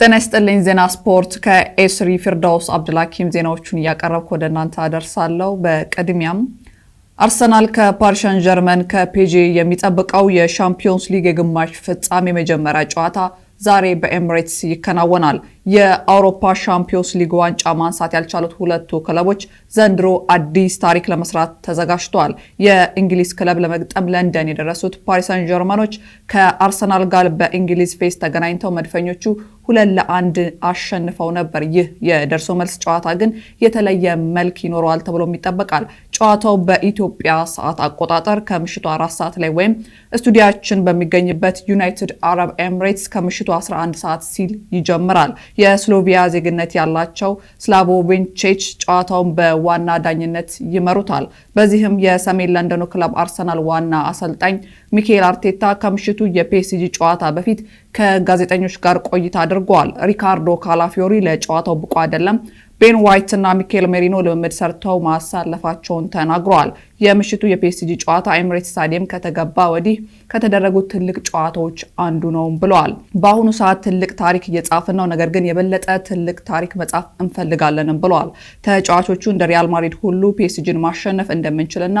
ጤና ይስጥልኝ። ዜና ስፖርት ከኤስሪ ፊርዳውስ አብድልሀኪም ዜናዎቹን እያቀረብኩ ወደ እናንተ አደርሳለሁ። በቅድሚያም አርሰናል ከፓሪስ ጀርመን ከፔጄ የሚጠብቀው የሻምፒዮንስ ሊግ የግማሽ ፍጻሜ መጀመሪያ ጨዋታ ዛሬ በኤምሬትስ ይከናወናል። የአውሮፓ ሻምፒዮንስ ሊግ ዋንጫ ማንሳት ያልቻሉት ሁለቱ ክለቦች ዘንድሮ አዲስ ታሪክ ለመስራት ተዘጋጅተዋል። የእንግሊዝ ክለብ ለመግጠም ለንደን የደረሱት ፓሪሰን ጀርመኖች ከአርሰናል ጋር በእንግሊዝ ፌስ ተገናኝተው መድፈኞቹ ሁለት ለአንድ አሸንፈው ነበር። ይህ የደርሶ መልስ ጨዋታ ግን የተለየ መልክ ይኖረዋል ተብሎም ይጠበቃል። ጨዋታው በኢትዮጵያ ሰዓት አቆጣጠር ከምሽቱ አራት ሰዓት ላይ ወይም ስቱዲያችን በሚገኝበት ዩናይትድ አረብ ኤምሬትስ ከምሽቱ 11 ሰዓት ሲል ይጀምራል። የስሎቪያ ዜግነት ያላቸው ስላቮ ጨዋታውን በዋና ዳኝነት ይመሩታል። በዚህም የሰሜን ለንደኑ ክለብ አርሰናል ዋና አሰልጣኝ ሚካኤል አርቴታ ከምሽቱ የፒኤስጂ ጨዋታ በፊት ከጋዜጠኞች ጋር ቆይታ አድርገዋል። ሪካርዶ ካላፊዮሪ ለጨዋታው ብቁ አይደለም፣ ቤን ዋይት እና ሚካኤል ሜሪኖ ልምምድ ሰርተው ማሳለፋቸውን ተናግረዋል። የምሽቱ የፒኤስጂ ጨዋታ ኤምሬት ስታዲየም ከተገባ ወዲህ ከተደረጉት ትልቅ ጨዋታዎች አንዱ ነው ብለዋል። በአሁኑ ሰዓት ትልቅ ታሪክ እየጻፍን ነው፣ ነገር ግን የበለጠ ትልቅ ታሪክ መጻፍ እንፈልጋለንም ብለዋል። ተጫዋቾቹ እንደ ሪያል ማድሪድ ሁሉ ፒኤስጂን ማሸነፍ እንደምንችልና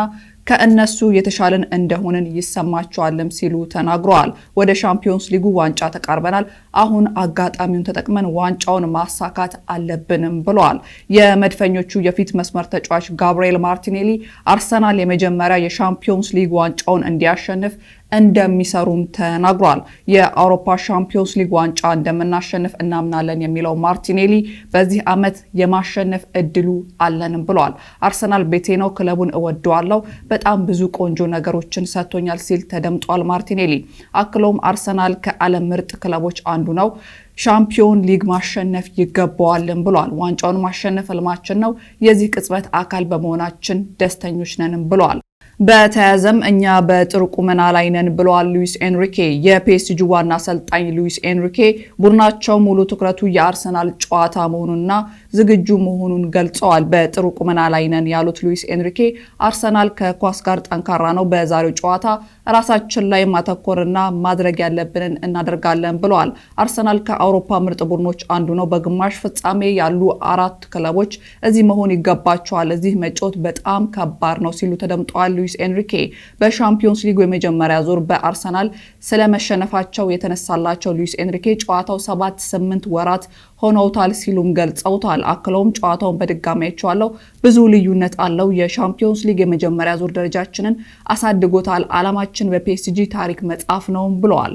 ከእነሱ የተሻለን እንደሆንን ይሰማቸዋልም ሲሉ ተናግረዋል። ወደ ሻምፒዮንስ ሊጉ ዋንጫ ተቃርበናል። አሁን አጋጣሚውን ተጠቅመን ዋንጫውን ማሳካት አለብንም ብለዋል። የመድፈኞቹ የፊት መስመር ተጫዋች ጋብርኤል ማርቲኔሊ አርሰናል የመጀመሪያ የሻምፒዮንስ ሊግ ዋንጫውን እንዲያሸንፍ እንደሚሰሩም ተናግሯል። የአውሮፓ ሻምፒዮንስ ሊግ ዋንጫ እንደምናሸንፍ እናምናለን የሚለው ማርቲኔሊ በዚህ ዓመት የማሸነፍ እድሉ አለንም ብሏል አርሰናል ቤቴ ነው፣ ክለቡን እወደዋለሁ፣ በጣም ብዙ ቆንጆ ነገሮችን ሰጥቶኛል ሲል ተደምጧል ማርቲኔሊ። አክሎም አርሰናል ከዓለም ምርጥ ክለቦች አንዱ ነው ሻምፒዮን ሊግ ማሸነፍ ይገባዋልን ብሏል። ዋንጫውን ማሸነፍ ህልማችን ነው፣ የዚህ ቅጽበት አካል በመሆናችን ደስተኞች ነንም ብሏል። በተያያዘም እኛ በጥሩ ቁመና ላይ ነን ብለዋል ሉዊስ ኤንሪኬ። የፒኤስጂ ዋና አሰልጣኝ ሉዊስ ኤንሪኬ ቡድናቸው ሙሉ ትኩረቱ የአርሰናል ጨዋታ መሆኑንና ዝግጁ መሆኑን ገልጸዋል። በጥሩ ቁመና ላይ ነን ያሉት ሉዊስ ኤንሪኬ አርሰናል ከኳስ ጋር ጠንካራ ነው፣ በዛሬው ጨዋታ ራሳችን ላይ ማተኮርና ማድረግ ያለብንን እናደርጋለን ብለዋል። አርሰናል ከአውሮፓ ምርጥ ቡድኖች አንዱ ነው። በግማሽ ፍጻሜ ያሉ አራት ክለቦች እዚህ መሆን ይገባቸዋል። እዚህ መጫወት በጣም ከባድ ነው ሲሉ ተደምጠዋል። ሉዊስ ኤንሪኬ በሻምፒዮንስ ሊጉ የመጀመሪያ ዙር በአርሰናል ስለመሸነፋቸው የተነሳላቸው ሉዊስ ኤንሪኬ ጨዋታው ሰባት ስምንት ወራት ሆነውታል ሲሉም ገልጸውታል። አክለውም ጨዋታውን በድጋሚ አይቼዋለሁ፣ ብዙ ልዩነት አለው። የሻምፒዮንስ ሊግ የመጀመሪያ ዙር ደረጃችንን አሳድጎታል። አላማችን በፒኤስጂ ታሪክ መጻፍ ነው ብለዋል።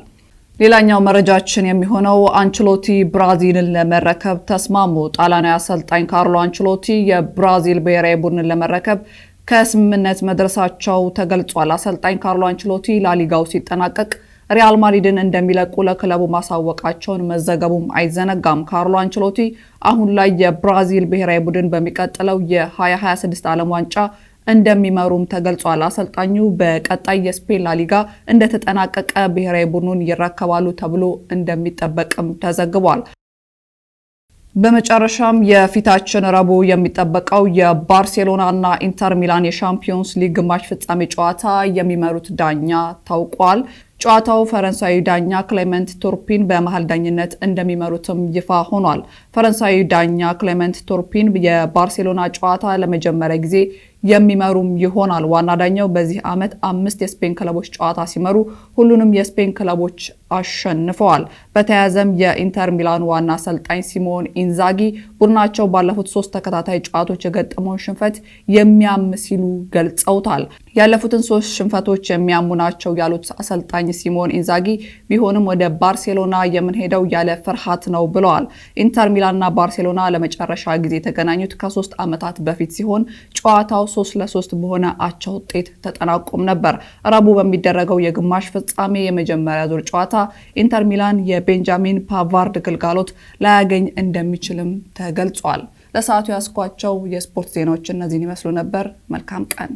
ሌላኛው መረጃችን የሚሆነው አንችሎቲ ብራዚልን ለመረከብ ተስማሙ። ጣሊያናዊ አሰልጣኝ ካርሎ አንችሎቲ የብራዚል ብሔራዊ ቡድንን ለመረከብ ከስምምነት መድረሳቸው ተገልጿል። አሰልጣኝ ካርሎ አንችሎቲ ላሊጋው ሲጠናቀቅ ሪያል ማድሪድን እንደሚለቁ ለክለቡ ማሳወቃቸውን መዘገቡም አይዘነጋም። ካርሎ አንችሎቲ አሁን ላይ የብራዚል ብሔራዊ ቡድን በሚቀጥለው የ2026 ዓለም ዋንጫ እንደሚመሩም ተገልጿል። አሰልጣኙ በቀጣይ የስፔን ላሊጋ እንደተጠናቀቀ ብሔራዊ ቡድኑን ይረከባሉ ተብሎ እንደሚጠበቅም ተዘግቧል። በመጨረሻም የፊታችን ረቡዕ የሚጠበቀው የባርሴሎና ና ኢንተር ሚላን የሻምፒዮንስ ሊግ ግማሽ ፍጻሜ ጨዋታ የሚመሩት ዳኛ ታውቋል። ጨዋታው ፈረንሳዊ ዳኛ ክሌመንት ቶርፒን በመሀል ዳኝነት እንደሚመሩትም ይፋ ሆኗል። ፈረንሳዊ ዳኛ ክሌመንት ቶርፒን የባርሴሎና ጨዋታ ለመጀመሪያ ጊዜ የሚመሩም ይሆናል። ዋና ዳኛው በዚህ ዓመት አምስት የስፔን ክለቦች ጨዋታ ሲመሩ ሁሉንም የስፔን ክለቦች አሸንፈዋል። በተያያዘም የኢንተር ሚላን ዋና አሰልጣኝ ሲሞን ኢንዛጊ ቡድናቸው ባለፉት ሶስት ተከታታይ ጨዋቶች የገጠመውን ሽንፈት የሚያም ሲሉ ገልጸውታል። ያለፉትን ሶስት ሽንፈቶች የሚያሙ ናቸው ያሉት አሰልጣኝ ሲሞን ኢንዛጊ ቢሆንም ወደ ባርሴሎና የምንሄደው ያለ ፍርሃት ነው ብለዋል። ኢንተር ሚላንና ባርሴሎና ለመጨረሻ ጊዜ የተገናኙት ከሶስት ዓመታት በፊት ሲሆን ጨዋታው ሶስት ለሶስት በሆነ አቻ ውጤት ተጠናቆም ነበር። ረቡዕ በሚደረገው የግማሽ ፍጻሜ የመጀመሪያ ዙር ጨዋታ ኢንተር ሚላን የቤንጃሚን ፓቫርድ ግልጋሎት ላያገኝ እንደሚችልም ተገልጿል። ለሰዓቱ ያስኳቸው የስፖርት ዜናዎች እነዚህን ይመስሉ ነበር። መልካም ቀን